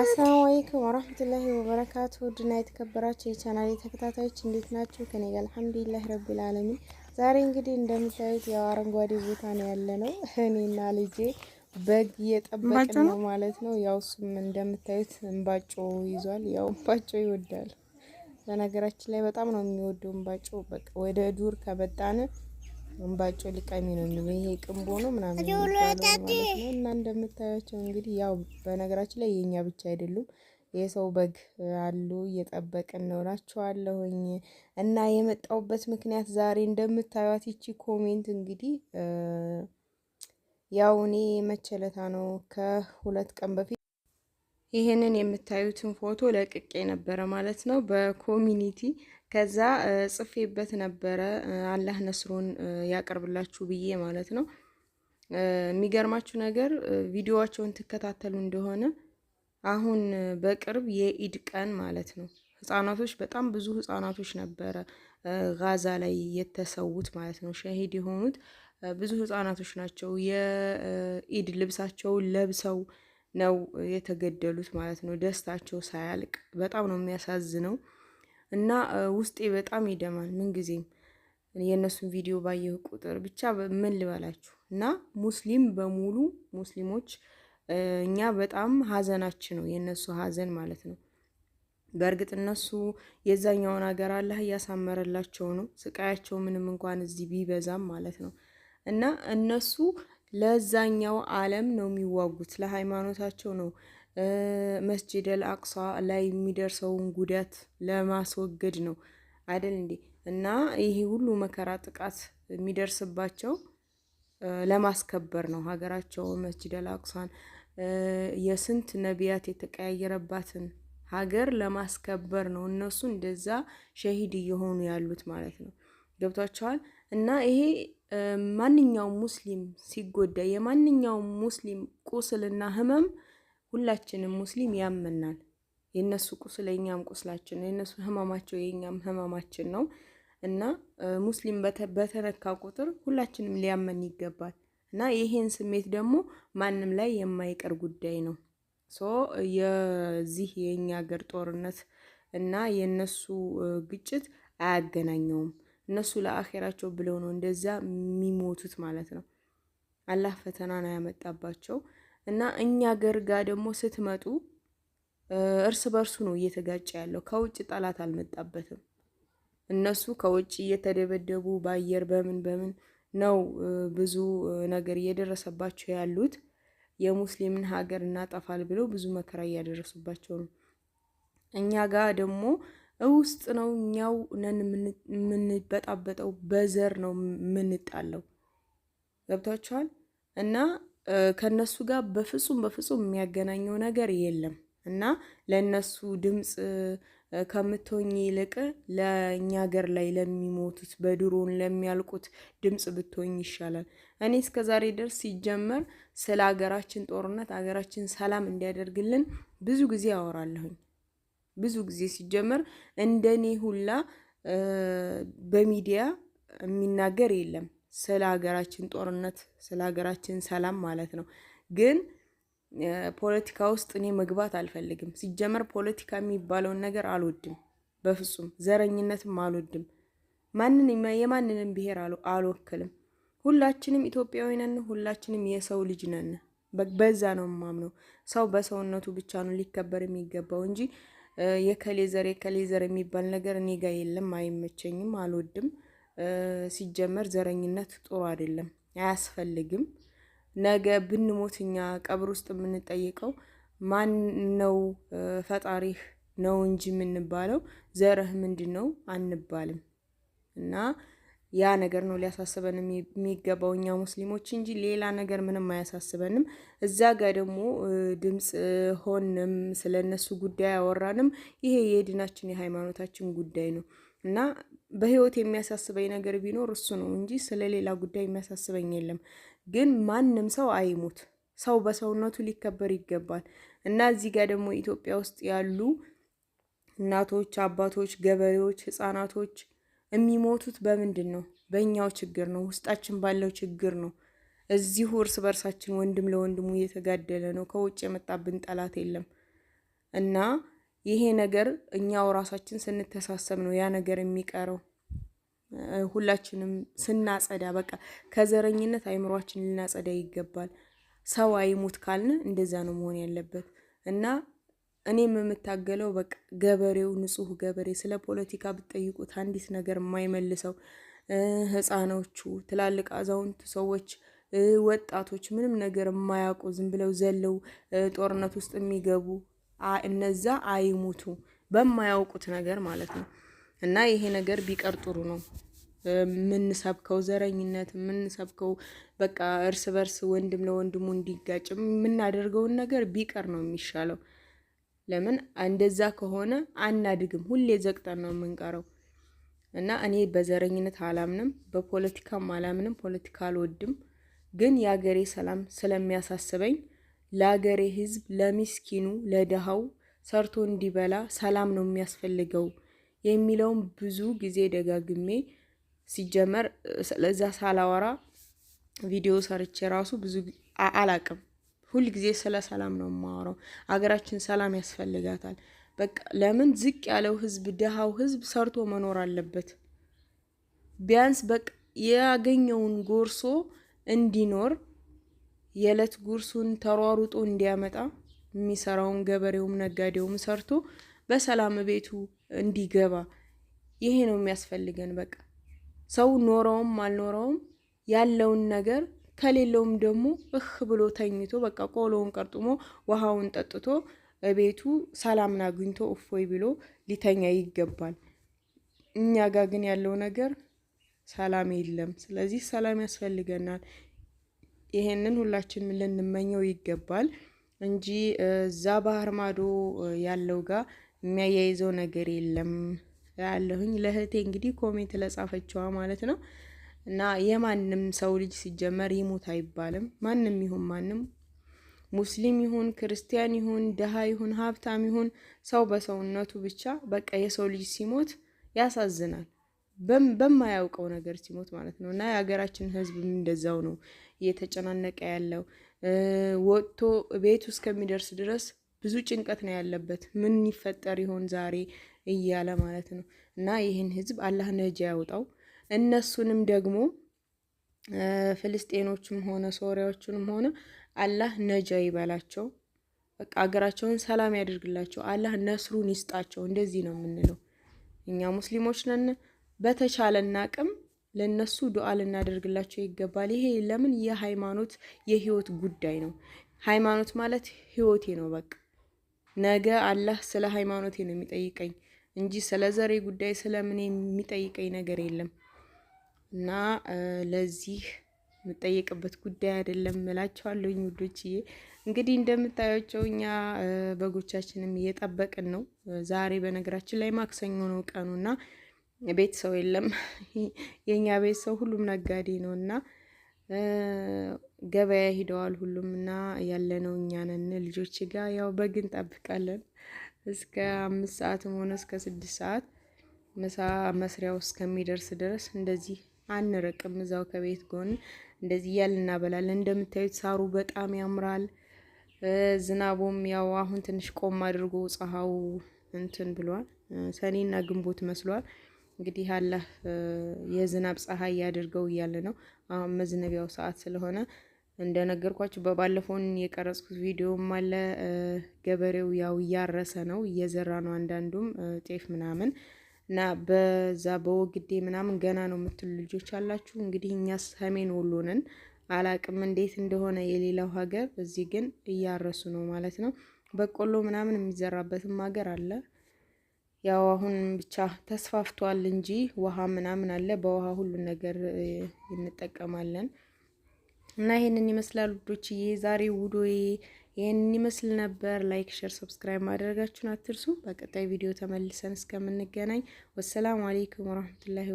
አሰላሙ አለይኩም ወራህመቱላሂ ወበረካቱ ድና የተከበራችሁ የቻናሌ ተከታታዮች እንዴት ናችሁ? ከኔ ጋር አልሐምዱሊላህ ረቢል አለሚን። ዛሬ እንግዲህ እንደምታዩት ያው አረንጓዴ ቦታ ነው ያለ ነው። እኔና ልጄ በግ እየጠበቅን ነው ማለት ነው። ያው እሱም እንደምታዩት እንባጮ ይዟል። ያው እንባጮ ይወዳል። በነገራችን ላይ በጣም ነው የሚወደው እንባጮ። በቃ ወደ ዱር ከበጣን እንባጮ ሊቃሚ ነው የሚለው ይሄ ቅንቦ ነው ምናምን እና እንደምታያቸው እንግዲህ ያው በነገራችን ላይ የኛ ብቻ አይደሉም የሰው በግ አሉ እየጠበቅን ነው እላችኋለሁኝ። እና የመጣውበት ምክንያት ዛሬ እንደምታዩት ይቺ ኮሜንት እንግዲህ ያው እኔ መቸለታ ነው ከሁለት ቀን በፊት ይሄንን የምታዩትን ፎቶ ለቅቄ ነበረ ማለት ነው በኮሚኒቲ ከዛ ጽፌበት ነበረ አላህ ነስሮን ያቀርብላችሁ ብዬ ማለት ነው። የሚገርማችሁ ነገር ቪዲዮዋቸውን ትከታተሉ እንደሆነ አሁን በቅርብ የኢድ ቀን ማለት ነው ህጻናቶች በጣም ብዙ ህጻናቶች ነበረ ጋዛ ላይ የተሰዉት ማለት ነው። ሸሂድ የሆኑት ብዙ ህጻናቶች ናቸው። የኢድ ልብሳቸው ለብሰው ነው የተገደሉት ማለት ነው። ደስታቸው ሳያልቅ በጣም ነው የሚያሳዝነው። እና ውስጤ በጣም ይደማል። ምንጊዜም የእነሱን ቪዲዮ ባየሁ ቁጥር ብቻ ምን ልበላችሁ እና ሙስሊም በሙሉ ሙስሊሞች እኛ በጣም ሀዘናችን ነው የእነሱ ሀዘን ማለት ነው። በእርግጥ እነሱ የዛኛውን ሀገር አላህ እያሳመረላቸው ነው። ስቃያቸው ምንም እንኳን እዚህ ቢበዛም ማለት ነው እና እነሱ ለዛኛው ዓለም ነው የሚዋጉት፣ ለሃይማኖታቸው ነው መስጂደል አቅሷ ላይ የሚደርሰውን ጉዳት ለማስወገድ ነው አይደል እንዴ? እና ይሄ ሁሉ መከራ ጥቃት የሚደርስባቸው ለማስከበር ነው። ሀገራቸውን መስጂደል አቅሷን የስንት ነቢያት የተቀያየረባትን ሀገር ለማስከበር ነው። እነሱ እንደዛ ሸሂድ እየሆኑ ያሉት ማለት ነው። ገብቷቸዋል። እና ይሄ ማንኛውም ሙስሊም ሲጎዳ የማንኛውም ሙስሊም ቁስልና ህመም ሁላችንም ሙስሊም ያመናል። የእነሱ ቁስል እኛም ቁስላችን ነው። የእነሱ ህማማቸው የእኛም ህማማችን ነው እና ሙስሊም በተነካ ቁጥር ሁላችንም ሊያመን ይገባል እና ይሄን ስሜት ደግሞ ማንም ላይ የማይቀር ጉዳይ ነው። ሶ የዚህ የእኛ ሀገር ጦርነት እና የእነሱ ግጭት አያገናኘውም። እነሱ ለአኼራቸው ብለው ነው እንደዛ የሚሞቱት ማለት ነው። አላህ ፈተናን ያመጣባቸው እና እኛ ገር ጋ ደግሞ ስትመጡ እርስ በርሱ ነው እየተጋጨ ያለው። ከውጭ ጠላት አልመጣበትም። እነሱ ከውጭ እየተደበደቡ በአየር በምን በምን ነው ብዙ ነገር እየደረሰባቸው ያሉት። የሙስሊምን ሀገር እናጠፋል ብለው ብዙ መከራ እያደረሱባቸው ነው። እኛ ጋ ደግሞ ውስጥ ነው እኛው ነን የምንበጣበጠው። በዘር ነው የምንጣለው። ገብታችኋል እና ከነሱ ጋር በፍጹም በፍጹም የሚያገናኘው ነገር የለም እና ለእነሱ ድምፅ ከምትሆኝ ይልቅ ለእኛ ሀገር ላይ ለሚሞቱት በድሮን ለሚያልቁት ድምፅ ብትሆኝ ይሻላል። እኔ እስከ ዛሬ ድረስ ሲጀመር ስለ ሀገራችን ጦርነት ሀገራችን ሰላም እንዲያደርግልን ብዙ ጊዜ አወራለሁኝ። ብዙ ጊዜ ሲጀመር እንደኔ ሁላ በሚዲያ የሚናገር የለም። ስለ ሀገራችን ጦርነት፣ ስለ ሀገራችን ሰላም ማለት ነው። ግን ፖለቲካ ውስጥ እኔ መግባት አልፈልግም። ሲጀመር ፖለቲካ የሚባለውን ነገር አልወድም፣ በፍጹም ዘረኝነትም አልወድም። ማንን የማንንም ብሔር አልወክልም። ሁላችንም ኢትዮጵያዊ ነን፣ ሁላችንም የሰው ልጅ ነን። በዛ ነው የማምነው። ሰው በሰውነቱ ብቻ ነው ሊከበር የሚገባው እንጂ የከሌ ዘር የከሌ ዘር የሚባል ነገር እኔ ጋ የለም። አይመቸኝም፣ አልወድም። ሲጀመር ዘረኝነት ጥሩ አይደለም፣ አያስፈልግም። ነገ ብንሞት እኛ ቀብር ውስጥ የምንጠይቀው ማን ነው? ፈጣሪህ ነው እንጂ የምንባለው ዘረህ ምንድን ነው አንባልም። እና ያ ነገር ነው ሊያሳስበን የሚገባው እኛ ሙስሊሞች እንጂ ሌላ ነገር ምንም አያሳስበንም። እዛ ጋር ደግሞ ድምፅ ሆንም ስለነሱ ጉዳይ አወራንም፣ ይሄ የድናችን የሃይማኖታችን ጉዳይ ነው። እና በህይወት የሚያሳስበኝ ነገር ቢኖር እሱ ነው እንጂ ስለሌላ ጉዳይ የሚያሳስበኝ የለም። ግን ማንም ሰው አይሙት፣ ሰው በሰውነቱ ሊከበር ይገባል። እና እዚህ ጋር ደግሞ ኢትዮጵያ ውስጥ ያሉ እናቶች፣ አባቶች፣ ገበሬዎች፣ ህጻናቶች የሚሞቱት በምንድን ነው? በእኛው ችግር ነው፣ ውስጣችን ባለው ችግር ነው። እዚሁ እርስ በርሳችን ወንድም ለወንድሙ እየተጋደለ ነው። ከውጭ የመጣብን ጠላት የለም እና ይሄ ነገር እኛው ራሳችን ስንተሳሰብ ነው ያ ነገር የሚቀረው። ሁላችንም ስናጸዳ በቃ ከዘረኝነት አይምሯችን ልናጸዳ ይገባል። ሰው አይሙት ካልን እንደዛ ነው መሆን ያለበት እና እኔም የምታገለው በቃ ገበሬው ንጹህ ገበሬ ስለ ፖለቲካ ብትጠይቁት አንዲት ነገር የማይመልሰው ህፃኖቹ፣ ትላልቅ አዛውንት ሰዎች፣ ወጣቶች ምንም ነገር የማያውቁ ዝም ብለው ዘለው ጦርነት ውስጥ የሚገቡ እነዛ አይሙቱ በማያውቁት ነገር ማለት ነው። እና ይሄ ነገር ቢቀር ጥሩ ነው። የምንሰብከው ዘረኝነት የምንሰብከው በቃ እርስ በርስ ወንድም ለወንድሙ እንዲጋጭ የምናደርገውን ነገር ቢቀር ነው የሚሻለው። ለምን እንደዛ ከሆነ አናድግም፣ ሁሌ ዘቅጠን ነው የምንቀረው። እና እኔ በዘረኝነት አላምንም፣ በፖለቲካም አላምንም፣ ፖለቲካ አልወድም። ግን የአገሬ ሰላም ስለሚያሳስበኝ ለአገሬ ህዝብ ለሚስኪኑ፣ ለድሃው ሰርቶ እንዲበላ ሰላም ነው የሚያስፈልገው የሚለውን ብዙ ጊዜ ደጋግሜ ሲጀመር ስለዛ ሳላወራ ቪዲዮ ሰርቼ ራሱ ብዙ አላቅም። ሁል ጊዜ ስለ ሰላም ነው የማወራው። አገራችን ሰላም ያስፈልጋታል። በቃ ለምን ዝቅ ያለው ህዝብ፣ ድሃው ህዝብ ሰርቶ መኖር አለበት። ቢያንስ በቃ ያገኘውን ጎርሶ እንዲኖር የዕለት ጉርሱን ተሯሩጦ እንዲያመጣ የሚሰራውን ገበሬውም ነጋዴውም ሰርቶ በሰላም ቤቱ እንዲገባ ይሄ ነው የሚያስፈልገን። በቃ ሰው ኖረውም አልኖረውም ያለውን ነገር ከሌለውም ደግሞ እህ ብሎ ተኝቶ በቃ ቆሎውን ቀርጥሞ ውሃውን ጠጥቶ ቤቱ ሰላምን አግኝቶ እፎይ ብሎ ሊተኛ ይገባል። እኛ ጋር ግን ያለው ነገር ሰላም የለም። ስለዚህ ሰላም ያስፈልገናል። ይሄንን ሁላችንም ልንመኘው ይገባል እንጂ እዛ ባህር ማዶ ያለው ጋር የሚያያይዘው ነገር የለም ያለሁኝ ለእህቴ እንግዲህ ኮሜንት ለጻፈችዋ ማለት ነው። እና የማንም ሰው ልጅ ሲጀመር ይሙት አይባልም። ማንም ይሁን ማንም ሙስሊም ይሁን ክርስቲያን ይሁን ድሃ ይሁን ሀብታም ይሁን ሰው በሰውነቱ ብቻ በቃ የሰው ልጅ ሲሞት ያሳዝናል፣ በማያውቀው ነገር ሲሞት ማለት ነው። እና የሀገራችን ህዝብም እንደዛው ነው። እየተጨናነቀ ያለው ወጥቶ ቤቱ እስከሚደርስ ድረስ ብዙ ጭንቀት ነው ያለበት። ምን ይፈጠር ይሆን ዛሬ እያለ ማለት ነው። እና ይህን ህዝብ አላህ ነጃ ያውጣው። እነሱንም ደግሞ ፍልስጤኖቹም ሆነ ሶሪያዎቹንም ሆነ አላህ ነጃ ይበላቸው። በቃ ሀገራቸውን ሰላም ያደርግላቸው። አላህ ነስሩን ይስጣቸው። እንደዚህ ነው የምንለው እኛ ሙስሊሞች ነን። በተቻለን አቅም ለእነሱ ዱዓ ልናደርግላቸው ይገባል። ይሄ ለምን የሃይማኖት የህይወት ጉዳይ ነው። ሃይማኖት ማለት ህይወቴ ነው። በቃ ነገ አላህ ስለ ሃይማኖቴ ነው የሚጠይቀኝ እንጂ ስለ ዘሬ ጉዳይ ስለምን የሚጠይቀኝ ነገር የለም እና ለዚህ የምጠየቅበት ጉዳይ አይደለም እላቸዋለሁኝ። ውዶችዬ እንግዲህ እንደምታያቸው እኛ በጎቻችንም እየጠበቅን ነው። ዛሬ በነገራችን ላይ ማክሰኞ ነው ቀኑ እና። ቤት ሰው የለም። የእኛ ቤት ሰው ሁሉም ነጋዴ ነው እና ገበያ ሂደዋል ሁሉም እና ያለነው እኛ ነን። ልጆች ጋር ያው በግ እንጠብቃለን እስከ አምስት ሰዓትም ሆነ እስከ ስድስት ሰዓት ምሳ መስሪያው እስከሚደርስ ድረስ እንደዚህ አንረቅም እዛው ከቤት ጎን እንደዚህ እያል እናበላለን። እንደምታዩት ሳሩ በጣም ያምራል። ዝናቡም ያው አሁን ትንሽ ቆም አድርጎ ፀሐው እንትን ብሏል። ሰኔና ግንቦት መስሏል። እንግዲህ አላህ የዝናብ ፀሐይ ያድርገው እያለ ነው። አሁን መዝነቢያው ሰዓት ስለሆነ እንደነገርኳችሁ በባለፈውን የቀረጽኩት ቪዲዮም አለ። ገበሬው ያው እያረሰ ነው እየዘራ ነው። አንዳንዱም ጤፍ ምናምን እና በዛ በወግዴ ምናምን ገና ነው የምትሉ ልጆች አላችሁ። እንግዲህ እኛ ሰሜን ወሎ ነን። አላቅም እንዴት እንደሆነ የሌላው ሀገር፣ እዚህ ግን እያረሱ ነው ማለት ነው። በቆሎ ምናምን የሚዘራበትም ሀገር አለ። ያው አሁን ብቻ ተስፋፍቷል እንጂ ውሃ ምናምን አለ። በውሃ ሁሉን ነገር እንጠቀማለን እና ይሄንን ይመስላል ውዶችዬ፣ ዛሬ ውዶዬ ይሄንን ይመስል ነበር። ላይክ፣ ሼር፣ ሰብስክራይብ ማድረጋችሁን አትርሱ። በቀጣይ ቪዲዮ ተመልሰን እስከምንገናኝ ወሰላሙ አሌይኩም ወራህመቱላሂ